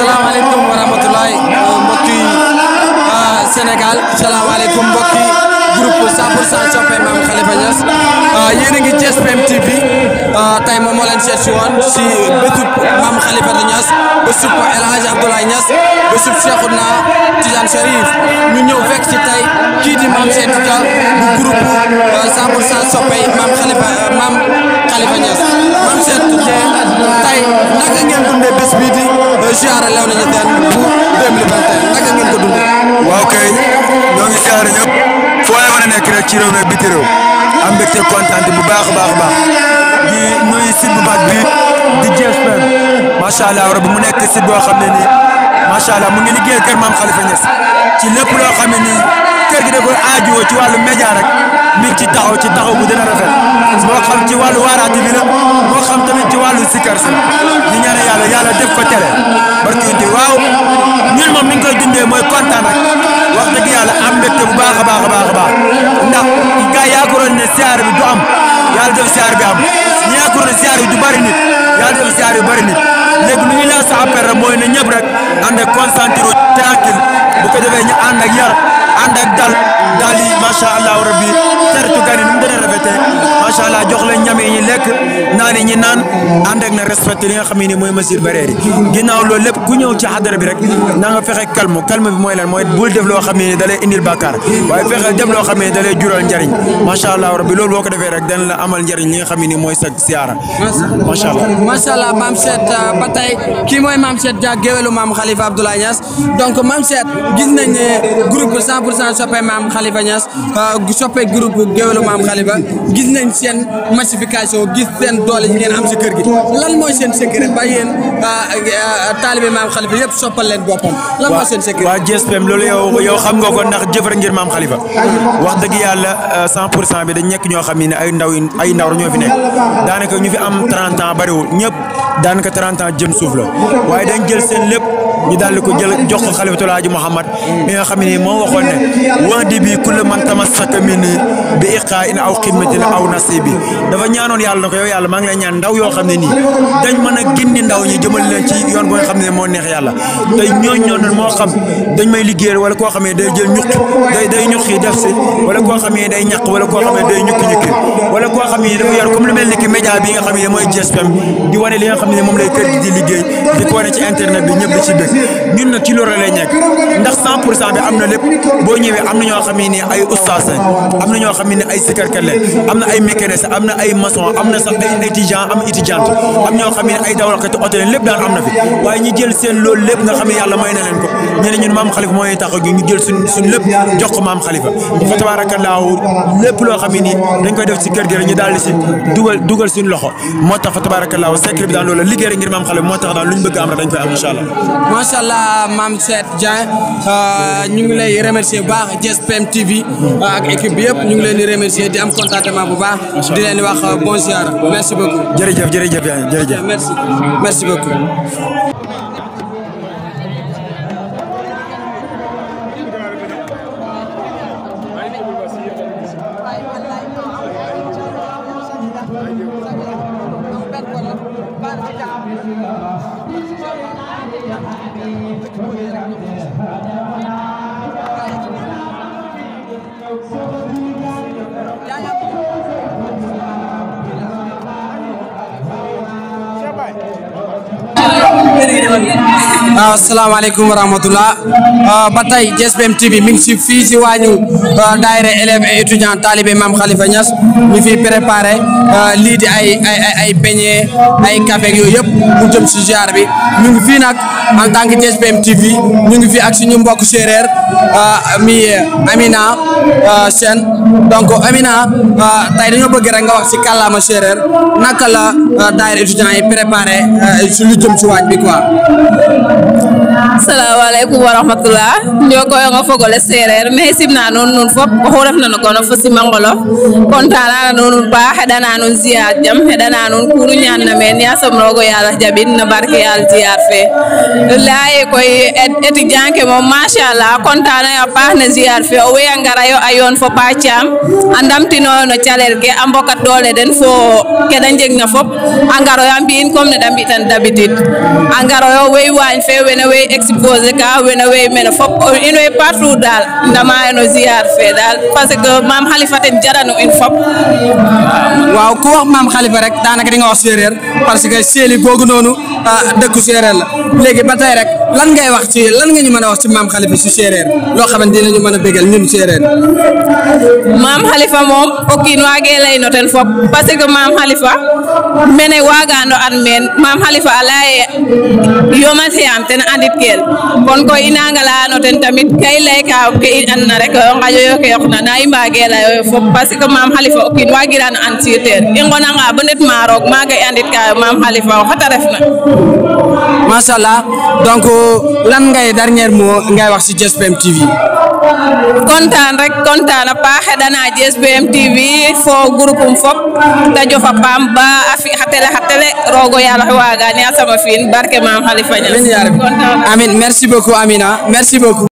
assalamualaikum warahmatullahi wabarakatuh ah, senegal Senegal salaamaaleykum mbokki groupe 100 pour 100 soppe Mame Khalifa nias yéen a ngi Thiès TV tey moom moo leen seet si woon si bésub Mame Khalifa Niass ah, ah, bésub El Hadj Abdoulaye Niass bésub Cheikhouna Tidiane Sharif ñu ñëw fekk ci di Mame Cheikh Tidia bu groupe 100 pour 100 soppe Mame Khalifa Mame Khalifa nias Mame Cheikh Tidia naka ngeen dundee bés di. siyaare lew nañu teen bu 2021 naka ngeen ko dund. waaw kay ñoo ngi siyaare ñëpp foo leen mën a nekk rek ci réew mi biti réew am mbégte kontaan bu baax a baax a baax di nuyu site bu mag bi di Jespin macha allah rabi mu nekk si boo xam ne macha allah mu ngi liggéey kër maam Khalifa Niass ci lépp loo xam ne nii kër gi da koy aajoo ci wàllu média rek mi ci taxaw ci taxaw bu dina rafet moo xam ci wàllu waaraate bi la moo xam tamit ci wàllu sikar si ñu ñaane yàlla yàlla def ko télé barki di waaw ñun moom ni ñu koy dundee mooy kontaan rek wax dëgg yàlla am bu baax a baax a baax a ndax gaa yaakaaroon ne siyaar bi du am yàlla def siyaar bi am ñu ne siyaar bi du bari nit yàlla def siyaar bi bari ñëpp rek ànd ak concentré taakil bu ko defee ñu ànd ak yar ànd ak dal daal yi macha allah rabbi tertu gan yi nu mu gën a rafetee macha allah jox leen ñam yi ñu lekk ma ne ñi naan ànd ak na respecté li nga xam ne nii mooy mesure barrière yi ginnaaw loolu lépp ku ñëw ci xadara bi rek na nga fexe calme calme bi mooy lan mooy bul def loo xam ne ni da lay indil bàkkaar waaye fexe def loo xam ne ni da lay jural njariñ macha allah rabbi loolu boo ko defee rek dana la amal njariñ li nga xam ne nii mooy sa siyaara macha allah macha allah maam Cheikh ba tey kii mooy maam Cheikh Dia géwélu maam Khalifa Abdoulaye Niass donc maam Cheikh gis nañ ne groupe 100 pour 100 soppe maam Khalifa Niass soppe groupe géwélu maam Khalifa gis nañ seen massification gis seen doole soppale ji ngeen am si kër gi lan mooy seen secret ba yéen ah, taalibe maam xalifa yëpp soppal leen boppam lan mooy seen secret waa GSPM loolu yow yow xam ngir maam xalifa wax dëgg yàlla euh, cent pour cent bi dañ ñekk ñoo xam ne ay ndaw ay ndaw ñoo fi nekk daanaka ñu fi am 30 ans bariwul ñëpp daanaka 30 ans jëm suuf la waaye dañ jël seen lépp ñu daal di ko jël jox ko xalifatul aaji Muhammad mi nga xam ne moo waxoon ne wan di bi kulla man tamassaka min bi iqaa in aw xidmatin aw nasibi dafa ñooy ñaan ndaw yoo xam ne nii dañ mën a gindi ndaw ñi jëmal leen ci yoon boo xam ne moo neex yàlla te ñooñ ñoo moo xam dañ may liggéeyal wala koo xam ne day jël ñuqi day day ñuqi def si wala koo xam ne day ñàq wala koo xam ne day ñukki ñukki wala koo xam ne dafa yor comme lu mel ni ki média bi nga xam ne mooy GSM di wane li nga xam ne moom lay kër gi di liggéey di ko wane ci internet bi ñëpp di ci dëkk ñun nag ci loolu lay nekk ndax 100 pour cent bi am na lépp boo ñëwee am na ñoo xam ne nii ay ustaas am na ñoo xam ne ay sikarkat am na ay mécanicien am na ay maçon am na sax ay étudiant am étudiante am ñoo xam ay dawal oto leen lépp daan am na fi waaye ñi jël seen lool lépp nga xam yàlla may na len ko ñene ñun mam khalifa moy tax ak ñu jël suñ lépp jox ko maam xalifa fa tabarakallah lépp lo xam ni dañ koy def ci kër gi ñu dal ci duggal duggal dugal suñ loxo mo tax fa tabarakallah secret bi daan lool liggéey rek ngir mam khalifa mo tax daan luñu bëgg am rek dañ koy am inshallah ma sha allah maam Cheikh Dieng ñu ngi lay remercier baax GSPM TV ak équipe bi yëpp ñu ngi lay remercier di am contentement bu baax di leen wax bonjour merci beaucoup. jërëjëf jërëjëf yaa jërëjëf. merci merci beaucoup. Thank you. 你的脸。Ah, asalaamaaleykum wa rahmatulah ah, ba tey JSBM TV mi ngi si fii si waañu ah, daayira élèves et étudiants taalibe maam Khalifa Niass ñu fi préparé lii di ay ay ay beñee ay café mu jëm si jaar bi ñu ngi fii nag en tant que JSBM TV ñu ngi fi ak suñu mbokk séeréer mi Amina Sène donc Amina tey dañoo bëgg rek nga wax si kàllaama séeréer naka la daayira étudiants yi préparé si lu jëm si waañ bi quoi. Thank you. assalamu aleykum wa rahmatullah njokoyo ngo fogole sereer maxey simna nuun nuun fop na ko no fasi mangolo simangolof na non ba xeɗana non ziar jam ñaan na men ya sam rogo ya yalax jabin na barke yal ziar fe leyaye koy étudiant ma sha Allah kontanoyo ya ba na ziar fe o weya ngara yo ayon fo pa cham andam no chaler ge den fo kede na fop angaro ya a mbi'in ne da mbi'tan d'habitude a we wey fe wene we expose ka wena wey mene fop in way partout dal ndama eno ziar fe dal parce que maam Khalifa ten jaranu in fop waaw ku wax maam Khalifa rek daanaka di nga wax séeréer parce que seeli googu Ah, dëkku séeréer la léegi ba rek lan ngay wax ci lan nga ñu mën a wax ci maam xalifa si séeréer loo xamante dina ñu mën a bégal ñun séeréer maam xalifa moom okkiin waagee lay noten fop parce que maam xalifa mene waagando an meen maam xalifa a laye yoman xiyam ten andit keel kon koy i nanga leyano ten tamit ka lay ka ke i an na rek o ngaƴo yo ke yoqna na i mbaage layo fop parce que maam xalifa okkiin waagirano an sur terre i ngonanga bo ndet ma roog maaga i macha allah donc lan ngay dernier mo ngay wax si JSPM TV. kontaan rek kontaan a paaxe dana JSPM TV fo groupe um fop ta jofa paam ba a fi xa tele xa tele roogo yaal sama fi'in barke maam Khalifa Niass amin merci beaucoup Amina merci beaucoup